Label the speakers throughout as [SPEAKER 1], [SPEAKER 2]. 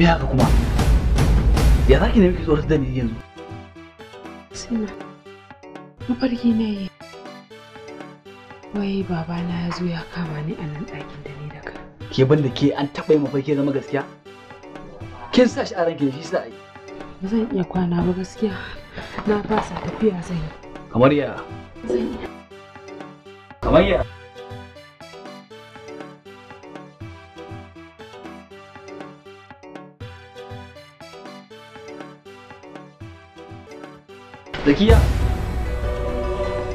[SPEAKER 1] Mira, haka kuma ya da ki nemi ki tsoratar da ni yanzu
[SPEAKER 2] sina mafarki na yi wai babana ya zo ya kama ni a nan ɗakin da ni da
[SPEAKER 1] ka ke ban da ke an taɓa yi mafarki zama gaskiya kin sa shi a ranki shi sa ai
[SPEAKER 2] ba zan iya kwana ba gaskiya na fasa tafiya zan yi
[SPEAKER 1] kamar ya zan iya kamar ya zakiya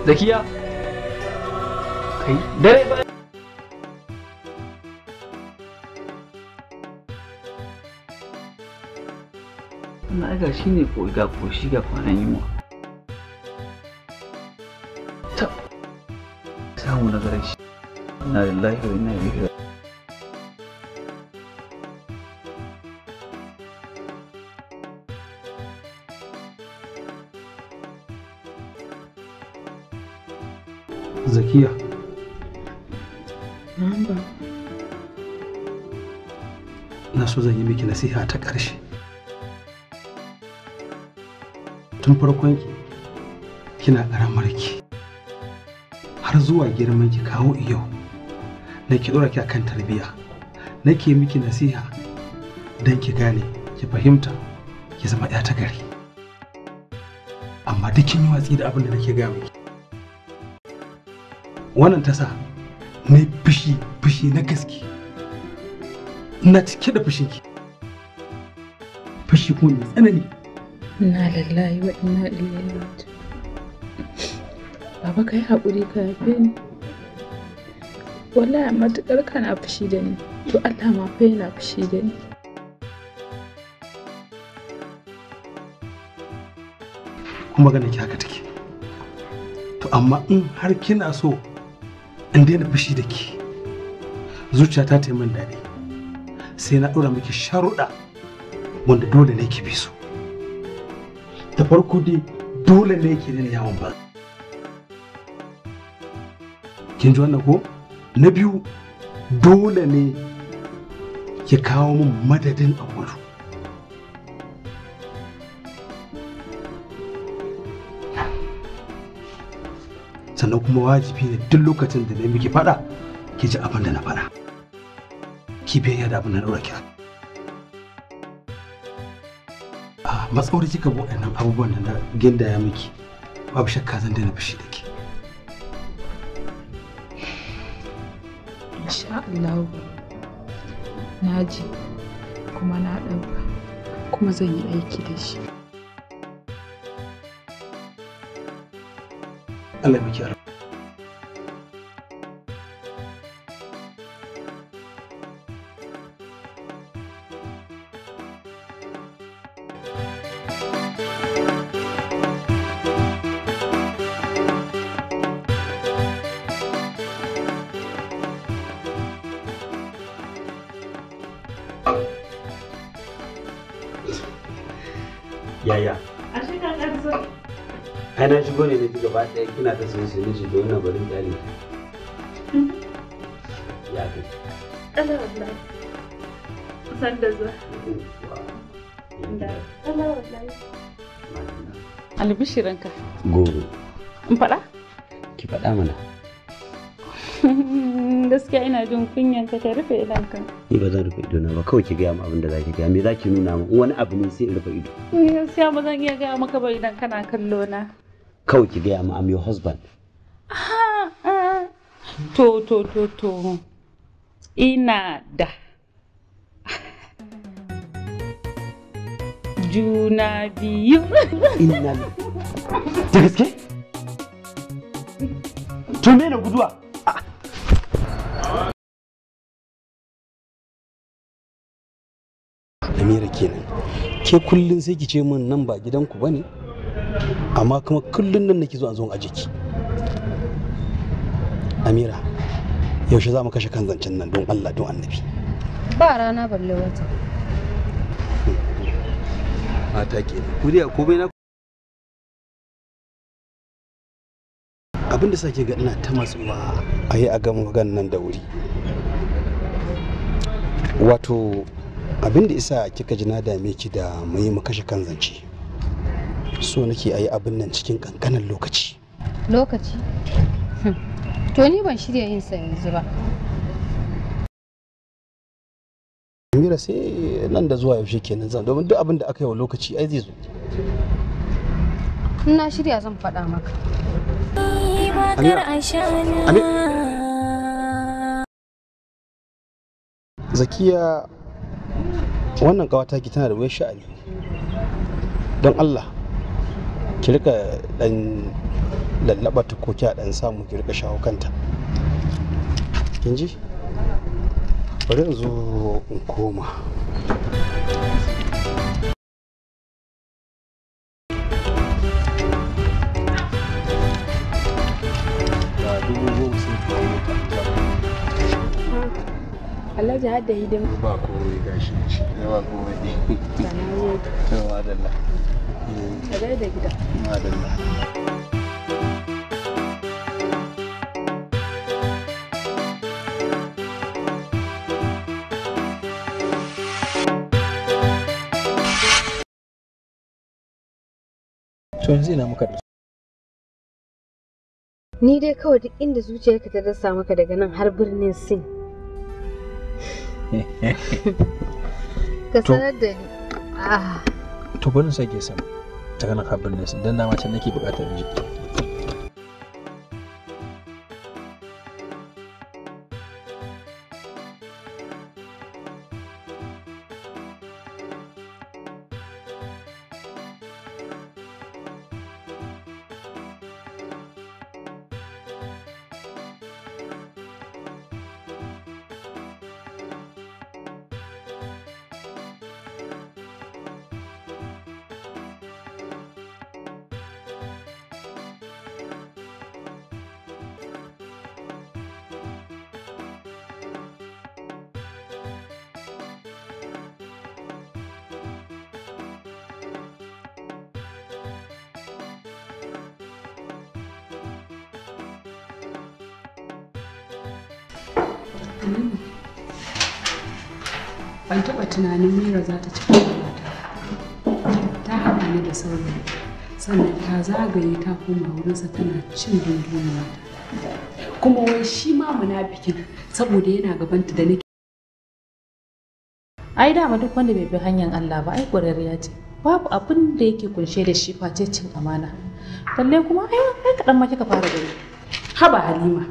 [SPEAKER 1] zakiya kai dare na ga shi ne ga koshi ga kwanan yunwa ta samu na garin shi na lillahi wa inna ilaihi
[SPEAKER 3] Zakiya. Na so zan yi miki nasiha ta ƙarshe. Tun farkon ki kina ƙaramar ki. Har zuwa girman ki kawo iyo. Na ki ɗora ki akan tarbiyya. Nake miki nasiha dan ki gane, ki fahimta, ki zama 'ya ta gari. Amma duk kin yi watsi da abin da nake ga miki. wannan ta sa na fushi fushi na gaske Ina cike da fushi ki
[SPEAKER 1] fushi kuma mai
[SPEAKER 2] tsanani ina lallai wa ina lallai baba kai haƙuri ka yafe ni wallahi matuƙar kana fushi da ni to Allah ma fa yana fushi da ni
[SPEAKER 3] kuma ganin ki haka take to amma in har kina so in daina fushi da ke zuciya ta yi min daɗi sai na ɗora miki sharuɗa wanda dole ne ki bi su da farko dai dole ne ki daina yawon ba kin ji wannan ko na biyu dole ne ki kawo min madadin abuwa sannan kuma wajibi ne duk lokacin da na miki fada ki ji abin da na faɗa ki ya da abin da na ɗora a matsawar kika bu abubuwan da na ya miki babu shakka zan daina fushi da ke
[SPEAKER 2] insha Allah na ji kuma na ɗauka kuma zan yi aiki da shi
[SPEAKER 3] a la Villa
[SPEAKER 1] ai na shigo ne miki gaba ɗaya kina ta sun sai miji da wannan barin dali ya kai
[SPEAKER 2] Allah Allah san da zuwa Allah wallahi albishirinka in faɗa ki faɗa mana gaskiya ina jin kunyan ka ta rufe idan idanka
[SPEAKER 1] ni ba zan rufe ido na ba kawai ki gaya mu abin da zaki gaya me zaki nuna mu wani abu ne sai in rufe ido
[SPEAKER 2] gaskiya ba zan iya gaya maka ba idan kana kallo na
[SPEAKER 1] kawai ki gaya ma am your husband
[SPEAKER 2] to to to to ina da juna biyu ina da gaske to me na guduwa
[SPEAKER 1] Amira kenan ke kullun sai ki ce min nan ba gidanku bane amma kuma kullum nan nake zuwa zuwan
[SPEAKER 3] a jiki amira yaushe za mu kashe kan zancen nan don allah don annabi
[SPEAKER 2] ba rana balle wata
[SPEAKER 3] mata ke kuriya ko komai na abin sake ga ina ta ba a yi a gama gan nan da wuri wato abinda isa kika ji na dame ki da mu yi mu kashe kan zance so nake a yi abin nan cikin kankanin lokaci lokaci hmm. to ni ban shirya yin sa yanzu ba mira sai nan da zuwa yaushe kenan zan domin duk abin da aka yi wa lokaci ai zai zo na shirya zan faɗa maka zakiya wannan kawata ki tana da wuyar sha'ani don allah ki rika dan lallaba ta ko kya dan samu ki rika shawo kanta kin ji bari in zo in koma
[SPEAKER 2] Alhaji har da hidimu.
[SPEAKER 3] Ba komai gashi, ba komai.
[SPEAKER 2] Sana'a.
[SPEAKER 4] Yawa da Allah.
[SPEAKER 2] a da gida
[SPEAKER 5] yanzu ina muka da
[SPEAKER 4] ni dai kawai duk inda zuciyarka ta dasa maka daga nan har birnin sin ka sanar da ni ah. to bari sake sama ta kanin na nasu don dama can nake bukatar ji
[SPEAKER 2] ban taɓa tunanin mira za ta ci ta haɗa ni da sauri sannan ta zagaye ta koma wurinsa tana cin dunduniya kuma wai shi ma muna bikin saboda yana gabanta da nake ai dama duk wanda bai bi hanyar Allah ba ai ƙwararriya ce babu abin da yake kunshe da shi face cin amana balle kuma ai kaɗan ma kika fara gani haba halima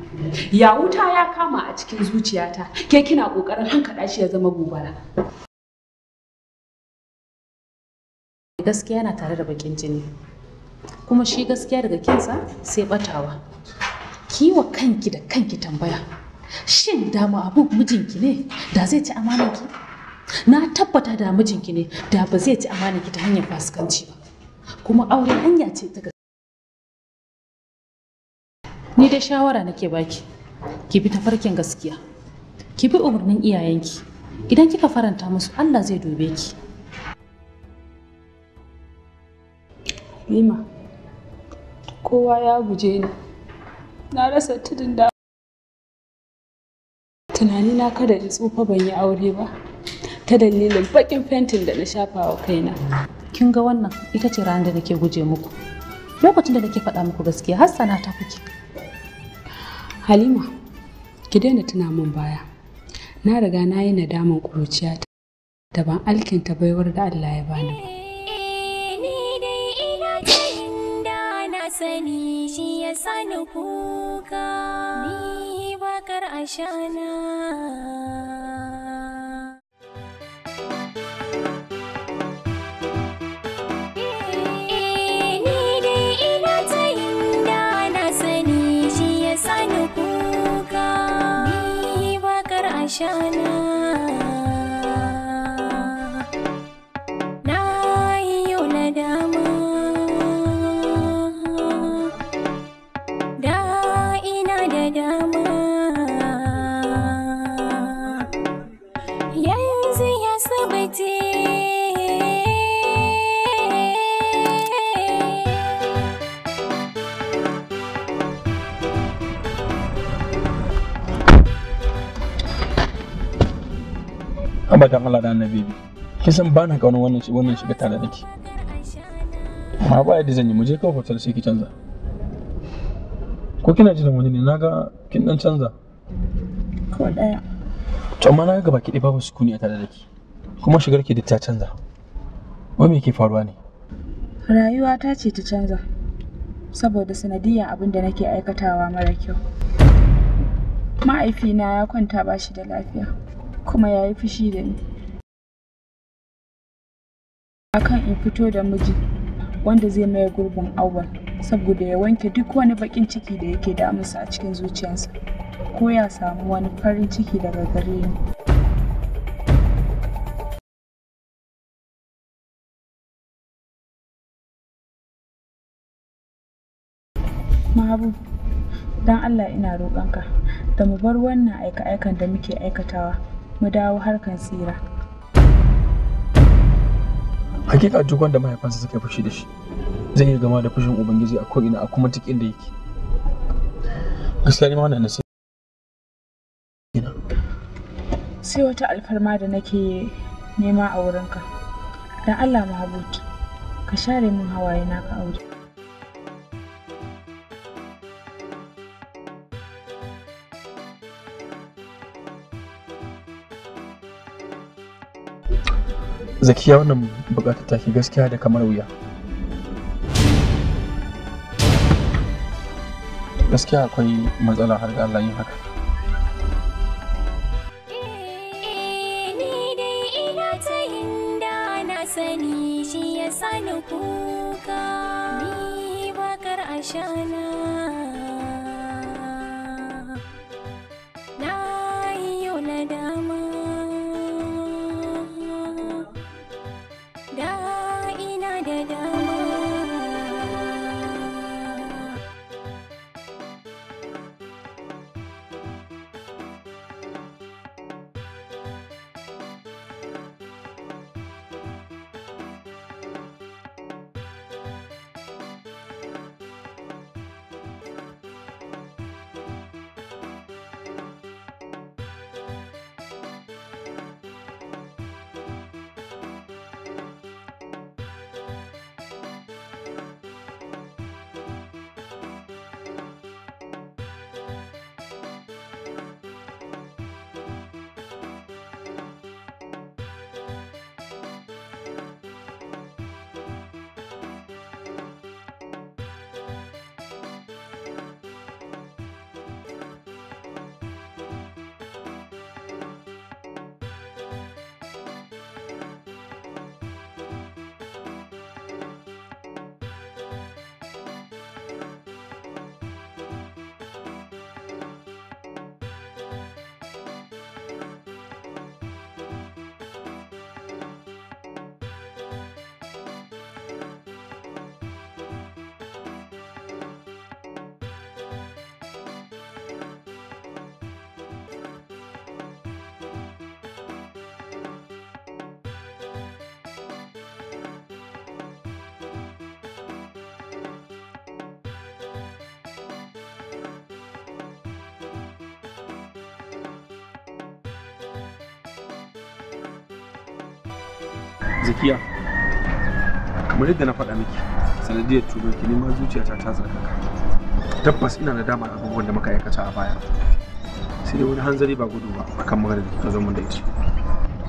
[SPEAKER 2] ya wuta ya kama a cikin zuciyata ke kina kokarin hankaɗa shi ya zama gobara gaskiya yana tare da bakin jini kuma shi gaskiya daga kinsa sai batawa ki wa kanki da kanki tambaya shin dama abu mijinki ne da zai ci amanaki? na tabbata da mijinki ne da ba zai ci amanaki ta hanyar fasikanci ba kuma aure hanya ce ta ni da shawara nake baki ki bi tafarkin gaskiya ki bi umarnin iyayenki idan kika faranta musu Allah zai dube ki Lima kowa ya guje ni na rasa tudun da tunani na kada in tsufa ban yi aure ba ta dalilin bakin fentin da na shafa wa kaina kin ga wannan ita ce ranar da nake guje muku lokacin da nake faɗa muku gaskiya hassana ta kuke Halima, ki daina tuna min baya. Na riga na yi nadaman ƙuruciyata da ban ta baiwar da Allah ya bani ba.
[SPEAKER 5] Eh, sani shi ya sani kuka ni bakar ashana shana
[SPEAKER 4] dan Allah da annabi ki san ba na kaunar wannan wannan shiga tare da ki ma ba yadda zan yi mu je kawai hotel sai ki canza ko kina jin wani ne naga kin dan canza ko daya to amma naga gaba ki babu sukuni a tare da ki kuma shigar ki duk ta canza wai me ke faruwa ne
[SPEAKER 2] rayuwa ta ce ta canza saboda sanadiyar abin da nake aikatawa mara kyau ma'aifina ya kwanta ba shi da lafiya kuma ya yi fushi da ni a kan in fito da miji wanda zai maye gurbin awwal saboda ya wanke duk wani bakin ciki da yake damusa a cikin zuciyarsa ko ya samu wani farin ciki daga gare ni Mahabu, don Allah ina roƙonka da mu bar wannan aika-aikan da muke aikatawa mu dawo harkar tsira
[SPEAKER 4] hakika duk wanda mahaifansa suka fushi da shi zai iya gama da fushin ubangiji a ko'ina a kuma tikin da yake gaskiya ne wannan nasiha.
[SPEAKER 2] sai wata alfarma da nake nema a wurinka dan allah mahabuki ka share min hawaye na ka aure
[SPEAKER 4] zakiya wannan bukatar ke gaskiya da kamar wuya gaskiya akwai matsala har ga Allah yin haka zakiya kamar da na faɗa miki sanadiyar tuba ki ma zuciyata ta zarkaka tabbas ina da damar abubuwan da muka aikata a baya sai dai wani hanzari ba gudu ba akan magana da kika zo mun da ita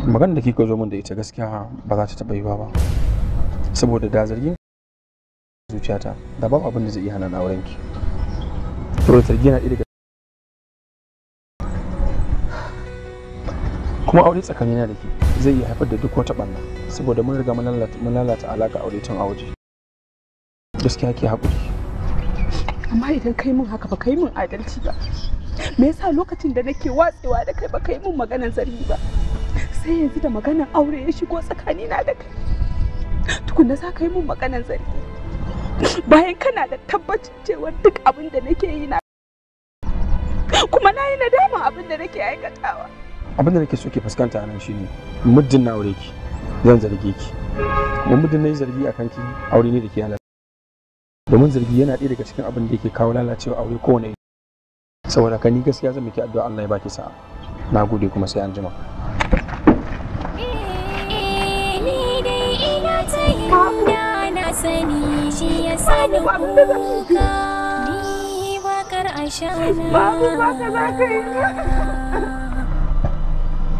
[SPEAKER 4] magana da kika zo mun da ita gaskiya ba za ta taɓa yiwa ba saboda da zargin zuciyata da babu abin da zai iya hana na auren ki saboda zargi na ɗaya kuma aure tsakanina da ke zai iya haifar da duk wata ɓanna saboda mun riga mun lalata alaƙa aure tun a waje gaskiya ke haƙuri
[SPEAKER 2] amma idan kai mun haka ba kai mun adalci ba me yasa lokacin da nake watsewa da kai ba kai min maganan zargi ba sai yanzu da maganan aure ya shigo tsakani na da kai tukunna za ka yi min maganan zargi bayan kana da tabbacin cewa duk abin da nake yi na kuma na yi nadama abin da nake aikatawa
[SPEAKER 4] abin da nake so ke fuskanta anan shine muddin na aure ki zan zarge ki mu muddin na yi zargi a kanki aure ne da ke halal domin zargi yana ɗaya daga cikin abin da yake kawo lalacewa aure kowane iri saboda ka ni gaskiya zan miki addu'a Allah ya baki sa'a na gode kuma sai an jima
[SPEAKER 5] sani shi ya sani kuka ni bakar ashana ba ka za ka yi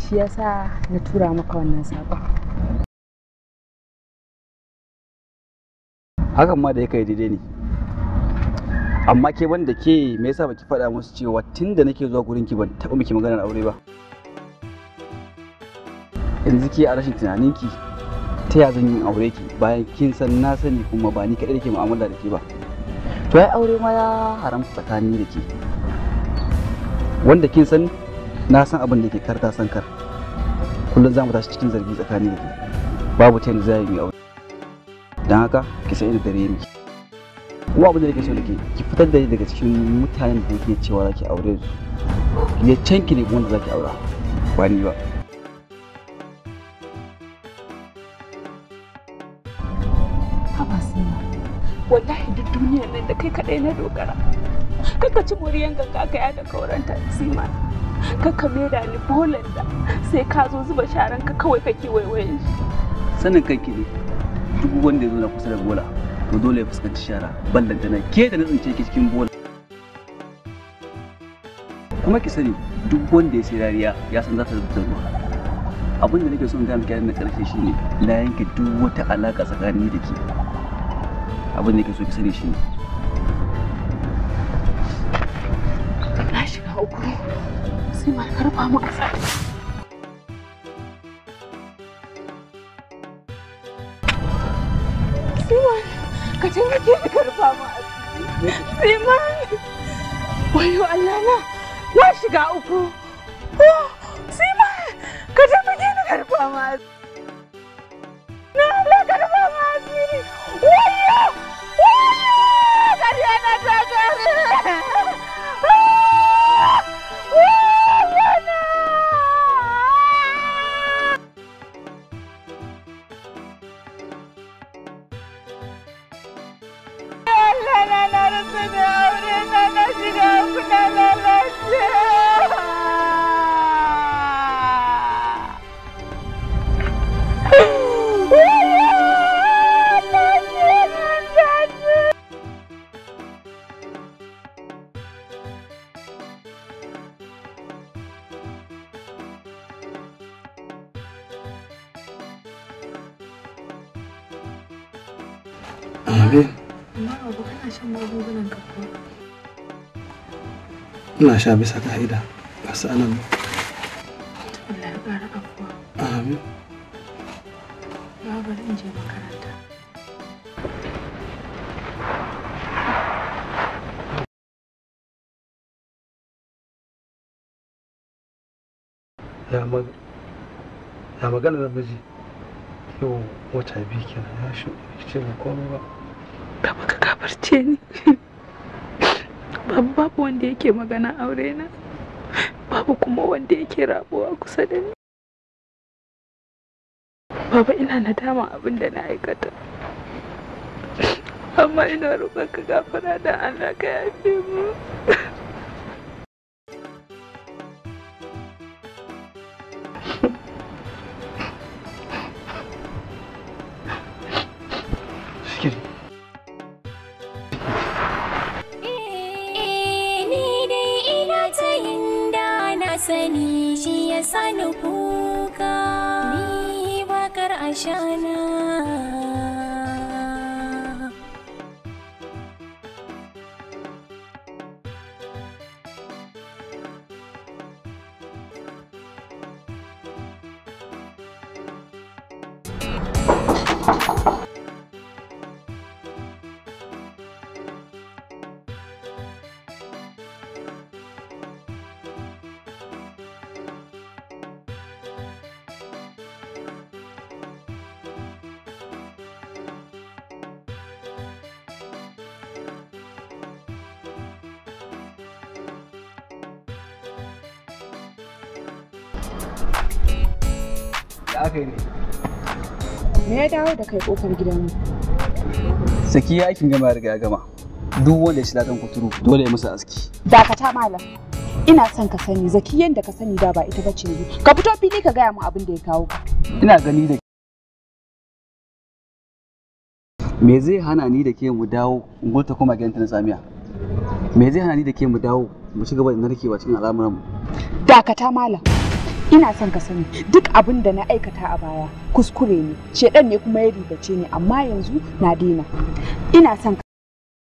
[SPEAKER 2] shi yasa na tura maka wannan saƙon
[SPEAKER 1] hakan ma da ya kai daidai ne amma ke wanda ke me yasa baki faɗa musu cewa tun da nake zuwa gurin ki ban taɓa miki maganar aure ba yanzu ke a rashin tunaninki ta ya zan yi aure ki bayan kin san na sani kuma ba ni kaɗai ke mu'amala da ke ba to ai aure ma ya haramta tsakani da ke wanda kin san na san abin da ke karta san kar kullum za mu tashi cikin zargi tsakani da ke babu ta yadda za yi aure don haka ki san da dare miki kuma abin da ke so da ke ki fitar da ni daga cikin mutanen da yake cewa za ki aure su ya canki ne wanda za ki aura ba ni ba
[SPEAKER 2] wallahi duk duniyar nan da kai kaɗai na dogara kaka ci muriyan ganga ka ya da kauran sima Ka me da ni bolan da sai ka zo zuba sharan ka kawai kake waiwaye shi
[SPEAKER 1] sanin kanki ne duk wanda ya zo na kusa da bola to dole ya fuskanci shara ballanta na ke da na tsince ki cikin bola kuma ki sani duk wanda ya sai rariya ya san za ta rubuta ruwa abin da nake son gaya miki na karshe shine la yanke duk wata alaka tsakanin da ke abin da nake so ki sani shine
[SPEAKER 2] karfa mu asali Siman, ka taimake ni ka rufa mu a asiri. Siman, wayo Allah na, na shiga uku. Oh, Siman, ka taimake ni ka rufa mu a asiri. kana shan magungunan ka
[SPEAKER 3] ina sha bisa ka'ida ba su anan ba ya magana da miji yau wata biyu kenan ya shi ce ba ba
[SPEAKER 2] Baba ka kafarce ni. Babu babu wanda yake magana aure na. Babu kuma wanda yake rabuwa kusa da ni. Baba ina nadama abin da na aikata. Amma
[SPEAKER 1] ina roƙon ka gafara da Allah ka yafe mu. shine. Ya aka yi ne?
[SPEAKER 2] Me ya dawo da kai kofar gidanmu?
[SPEAKER 1] Saki ya aikin gama riga gama. Duk wanda ya shi ladan kuturu dole ya musu aski.
[SPEAKER 2] Dakata malam. Ina son ka sani zaki yadda ka sani da ba ita bace ne. Ka fito fili ka gaya mu abin da ya kawo ka. Ina gani da
[SPEAKER 1] Me zai hana ni da ke mu dawo in ta koma gidanta na Samiya? Me zai hana ni da ke mu dawo mu ci gaba da narkewa cikin al'amuranmu?
[SPEAKER 2] Dakata malam. ina son ka sani duk abin da na aikata a baya kuskure ne shedan ne kuma ya ribace ni amma yanzu na daina ina son ka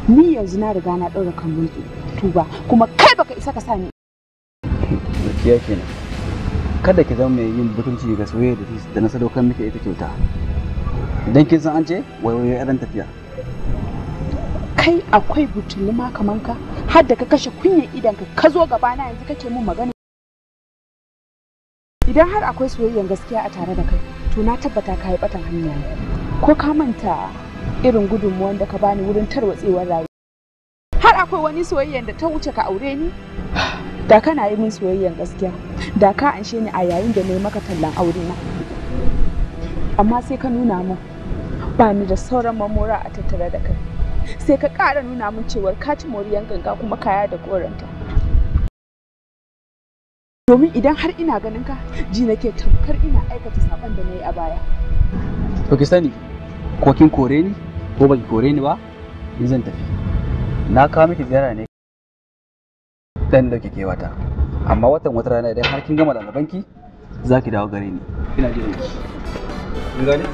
[SPEAKER 2] ni yanzu na riga na ɗaura kan mutu tuba kuma kai baka isa ka sani
[SPEAKER 1] gaskiya kenan kada ki zama mai yin butunci ga soyayya da na sadaukar miki ita kyauta idan kin san an ce wai ran tafiya
[SPEAKER 2] kai akwai butulli ma kaman ka har da ka kashe kunyan idan ka zo gaba na yanzu kake mun magana idan har akwai soyayyar gaskiya a tare da kai to na tabbata ka yi batan hanya ko ka manta irin gudunmuwan da ka bani wurin tarwatsewar rayuwa har akwai wani soyayyar da ta wuce ka aure ni da kana yi min soyayyar gaskiya da ka anshe ni a yayin da na maka tallan aure na amma sai ka nuna min ba ni da sauran mamora a tattara da kai sai ka ƙara nuna min cewar ka ci moriyar ganga kuma kaya da koranta domin idan har ina ganin ka ji nake tamkar ina aikata saƙon da na yi a baya
[SPEAKER 1] to ki sani ko kin kore ni ko ki kore ni ba ni zan tafi na kawo miki ziyara ne dan dauke ke wata amma watan wata rana idan har kin gama da za ki dawo gare ni ina jiran ki gane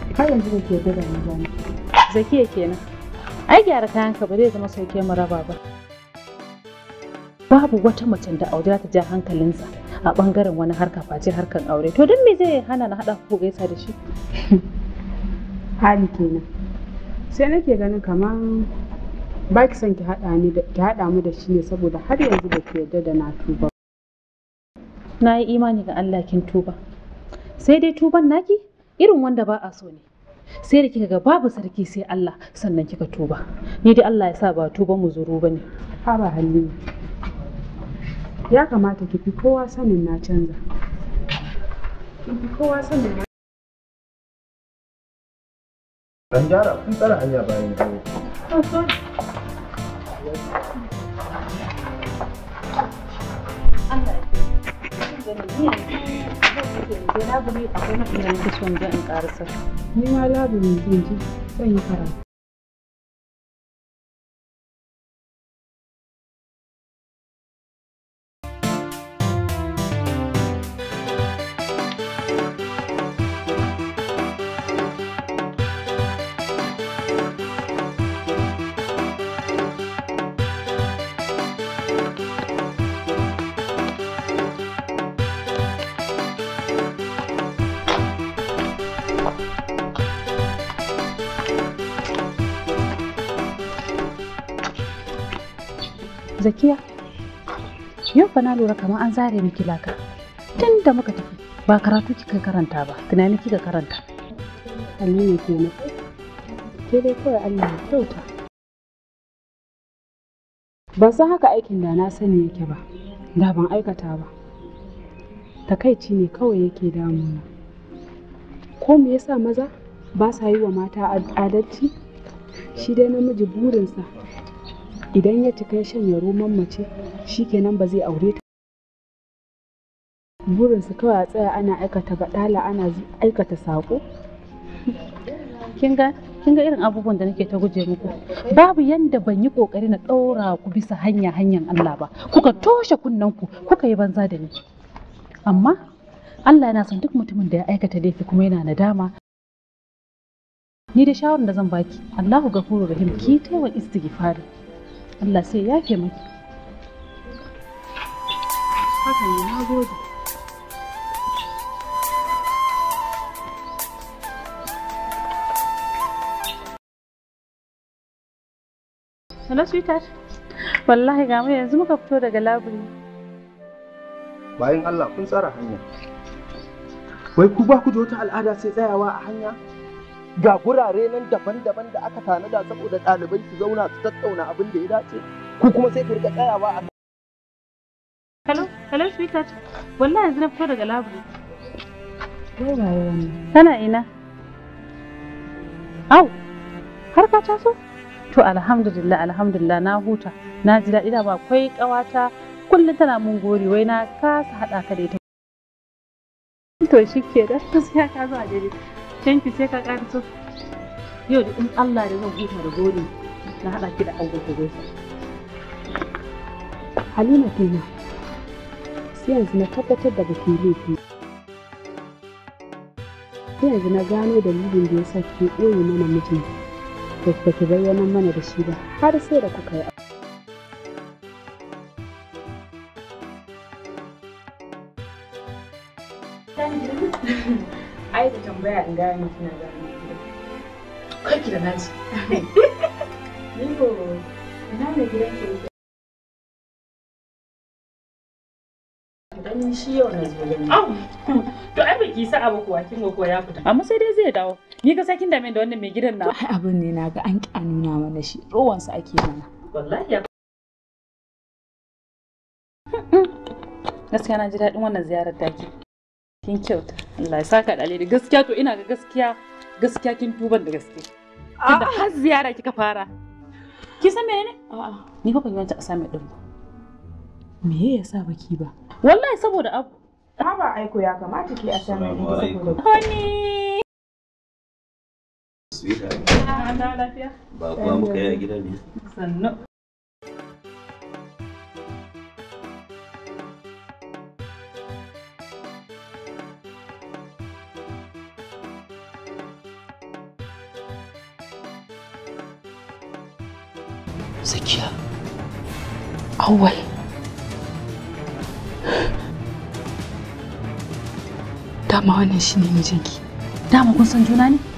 [SPEAKER 2] har yanzu ke da ba zakiya kenan ai gyara kayan ba zai zama sauke mu raba ba babu wata macen da aure ta ja hankalinsa a bangaren wani harka face harkan aure to don me zai hana na haɗa ko gaisa da shi hali kenan sai nake ganin kamar ba ki son ki haɗa mu da shi ne saboda har yanzu ba ki yarda da na tuba na yi imani ga Allah kin tuba sai dai tuban naki irin wanda ba a so ne sai da kika ga babu sarki sai Allah sannan kika tuba ni dai Allah ya sa ba tuba mu zuru ba ne ha ba halin ya kamata ki fi kowa sanin na canza ki kowa sanin na
[SPEAKER 5] an gyara kun tsara hanya bayan gani
[SPEAKER 2] oh, Allah ya Ni ma labu ne zan zan yi karatu. Zakiya, yau fa na lura kamar an zare miki laka. Tun da muka tafi ba karatu kika karanta ba, tunani kika karanta. Aminu kenan. Ke dai kawai Allah ya kyauta. Ban san haka aikin da na sani yake ba, da ban aikata ba. Takaici ne kawai yake damuna. Ko me yasa maza ba sa yi wa mata adalci? Shi dai namiji burinsa idan ya cika ya shanya roman mace shikenan ba zai aure ta su kawai a tsaya ana aikata baɗala ana aikata saƙo kin ga irin abubuwan da nake ta guje muku babu yadda ban yi kokari na ɗaura ku bisa hanya hanyar Allah ba kuka toshe kunnen ku kuka yi banza da ni amma Allah yana son duk mutumin da ya aikata laifi kuma yana nadama ni da shawarar da zan baki Allahu gafuru rahim ki taiwa istighfari Allah sai ya ke maki haka ne na gode Hello, sweetheart. Wallahi ga mai yanzu muka fito daga labiri.
[SPEAKER 3] Bayan Allah kun tsara hanya. Wai
[SPEAKER 2] ku ba ku da wata al'ada sai
[SPEAKER 3] tsayawa a hanya? ga gurare nan daban-daban da aka tanada saboda ɗalibai su zauna
[SPEAKER 2] su tattauna abin da ya dace ko kuma sai ka rika tsayawa a Hello, hello sweetheart. Wallahi yanzu na fito daga labiri. Tana ina? Au, har ka taso? To alhamdulillah, alhamdulillah na huta. Na ji daɗi da ba kwai ƙawata kullum tana mun gori wai na kasa haɗa ka da ita. To shi ke da, ta ya ka zo a daidai. canki sai ka ƙara so yau da in Allah da zan huta da gori na haɗa ki da angon ku gaisa Halima kenan sai yanzu na tabbatar da baki laifi sai yanzu na gano dalilin da yasa ki ɓoye mana mijin da ba bayyana mana da shi ba har sai da kuka yi tambaya da ni
[SPEAKER 5] ina ne gidan
[SPEAKER 2] shi yau na zo gani to ai baki sa abu kuwa kin ya fita amma sai dai zai dawo ni ga sakin dame da wannan mai gidan na ai abin ne na ga an nuna mana shi rowan sa ake mana wallahi gaskiya na ji daɗin wannan ziyarar take kin kyauta Allah ya saka da alheri gaskiya to ina ga gaskiya gaskiya kin tuban da gaske tunda har ziyara kika fara ki san menene a'a ni ban din ba me ya baki ba wallahi saboda abu ba aiko ya kamata ki a same din saboda honey Sweetheart. Ah, lafiya. Ba muka yi a ne. Sannu. awwal dama wannan shine mijinki dama kun san juna ne